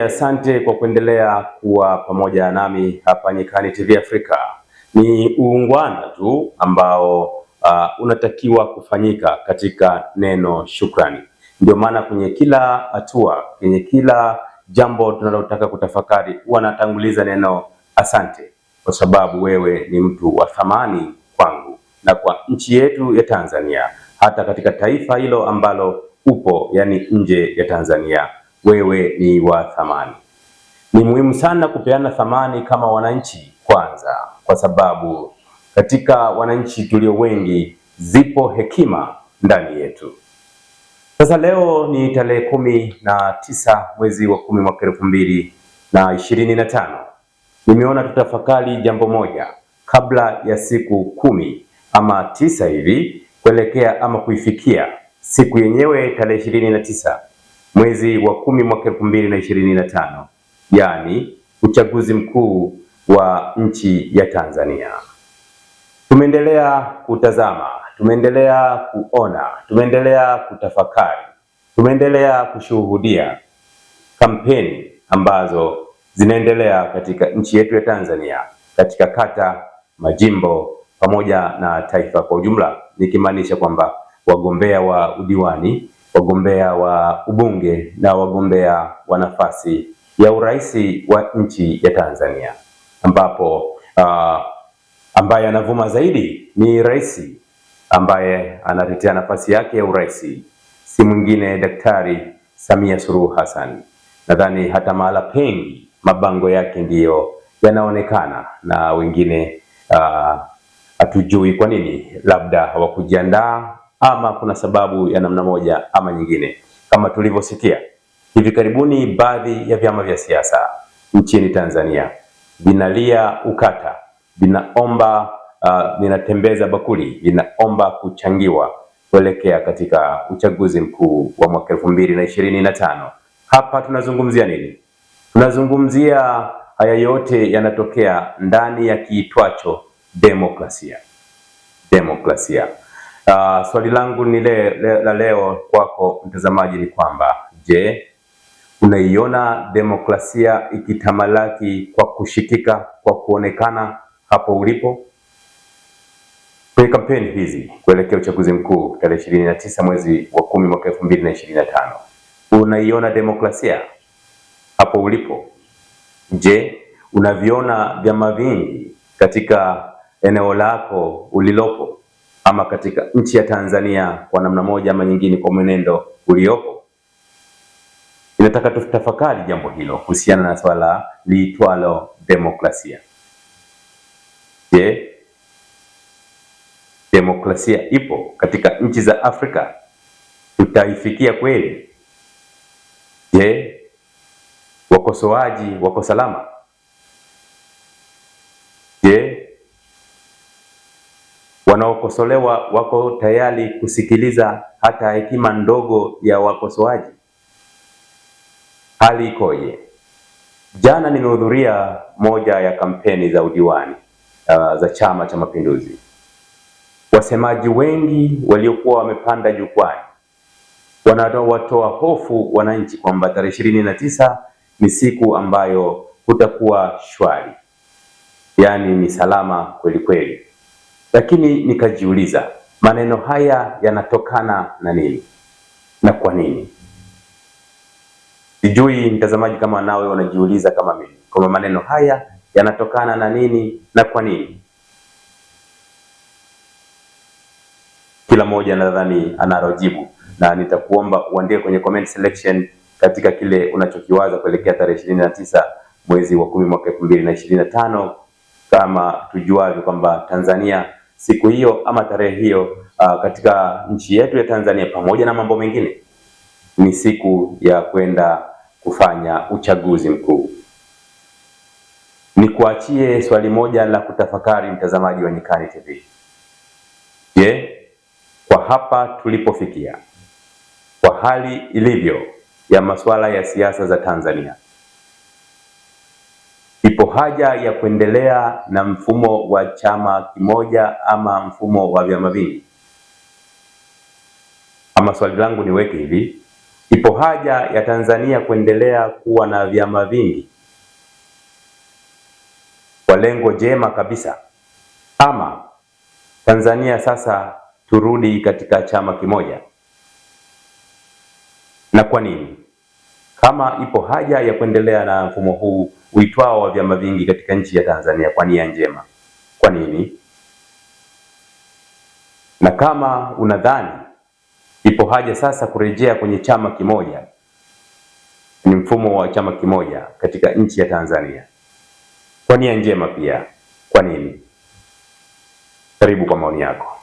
Asante kwa kuendelea kuwa pamoja nami hapa Nyikani TV Afrika. Ni uungwana tu ambao uh, unatakiwa kufanyika katika neno shukrani. Ndio maana kwenye kila hatua, kwenye kila jambo tunalotaka kutafakari, huwa natanguliza neno asante, kwa sababu wewe ni mtu wa thamani kwangu na kwa nchi yetu ya Tanzania, hata katika taifa hilo ambalo upo, yani nje ya Tanzania wewe ni wa thamani. Ni muhimu sana kupeana thamani kama wananchi kwanza, kwa sababu katika wananchi tulio wengi zipo hekima ndani yetu. Sasa leo ni tarehe kumi na tisa mwezi wa kumi mwaka elfu mbili na ishirini na tano. Nimeona tutafakari jambo moja kabla ya siku kumi ama tisa hivi kuelekea ama kuifikia siku yenyewe tarehe ishirini na tisa mwezi wa kumi mwaka elfu mbili na ishirini na tano yaani uchaguzi mkuu wa nchi ya Tanzania. Tumeendelea kutazama, tumeendelea kuona, tumeendelea kutafakari, tumeendelea kushuhudia kampeni ambazo zinaendelea katika nchi yetu ya Tanzania katika kata, majimbo pamoja na taifa kwa ujumla, nikimaanisha kwamba wagombea wa udiwani wagombea wa ubunge na wagombea wa nafasi ya urais wa nchi ya Tanzania, ambapo uh, ambaye anavuma zaidi ni rais ambaye anatetea nafasi yake ya urais, si mwingine Daktari Samia Suluhu Hassan. Nadhani hata mahala pengi mabango yake ndiyo yanaonekana na wengine ah, hatujui uh, kwa nini, labda hawakujiandaa ama kuna sababu ya namna moja ama nyingine. Kama tulivyosikia hivi karibuni, baadhi ya vyama vya siasa nchini Tanzania vinalia ukata, vinaomba uh, vinatembeza bakuli, vinaomba kuchangiwa kuelekea katika uchaguzi mkuu wa mwaka elfu mbili na ishirini na tano. Hapa tunazungumzia nini? Tunazungumzia haya yote yanatokea ndani ya kiitwacho demokrasia, demokrasia Uh, swali langu ni le, le, la leo kwako mtazamaji ni kwamba je, unaiona demokrasia ikitamalaki kwa kushikika kwa kuonekana hapo ulipo? Kwenye kampeni hizi kuelekea uchaguzi mkuu tarehe ishirini na tisa mwezi wa kumi mwaka elfu mbili na ishirini na tano unaiona demokrasia hapo ulipo? Je, unaviona vyama vingi katika eneo lako ulilopo? ama katika nchi ya Tanzania kwa namna moja ama nyingine, kwa mwenendo uliopo, inataka tutafakari jambo hilo kuhusiana na swala liitwalo demokrasia. Je, demokrasia ipo katika nchi za Afrika? Tutaifikia kweli? Je, wakosoaji wako salama? Je, Wanaokosolewa wako tayari kusikiliza hata hekima ndogo ya wakosoaji. Hali ikoje? Jana nimehudhuria moja ya kampeni za udiwani uh, za Chama cha Mapinduzi. Wasemaji wengi waliokuwa wamepanda jukwani wanawatoa hofu wananchi kwamba tarehe ishirini na tisa ni siku ambayo kutakuwa shwari, yaani ni salama kweli kweli. Lakini nikajiuliza maneno haya yanatokana na nini na kwa nini? Sijui mtazamaji kama nawe unajiuliza kama mimi kwamba maneno haya yanatokana na nini na kwa nini. Kila mmoja nadhani analojibu, na nitakuomba uandike kwenye comment selection katika kile unachokiwaza kuelekea tarehe ishirini na tisa mwezi wa kumi mwaka elfu mbili na ishirini na tano kama tujuavyo kwamba Tanzania siku hiyo ama tarehe hiyo uh, katika nchi yetu ya Tanzania, pamoja na mambo mengine, ni siku ya kwenda kufanya uchaguzi mkuu. Nikuachie swali moja la kutafakari, mtazamaji wa Nyikani TV. Je, kwa hapa tulipofikia, kwa hali ilivyo ya masuala ya siasa za Tanzania, ipo haja ya kuendelea na mfumo wa chama kimoja ama mfumo wa vyama vingi? Ama swali langu niweke hivi, ipo haja ya Tanzania kuendelea kuwa na vyama vingi kwa lengo jema kabisa, ama Tanzania sasa turudi katika chama kimoja? Na kwa nini? Kama ipo haja ya kuendelea na mfumo huu uitwao wa vyama vingi katika nchi ya Tanzania kwa nia njema. Kwa nini? Na kama unadhani ipo haja sasa kurejea kwenye chama kimoja, ni mfumo wa chama kimoja katika nchi ya Tanzania kwa nia njema pia, kwa nini? Karibu kwa maoni yako.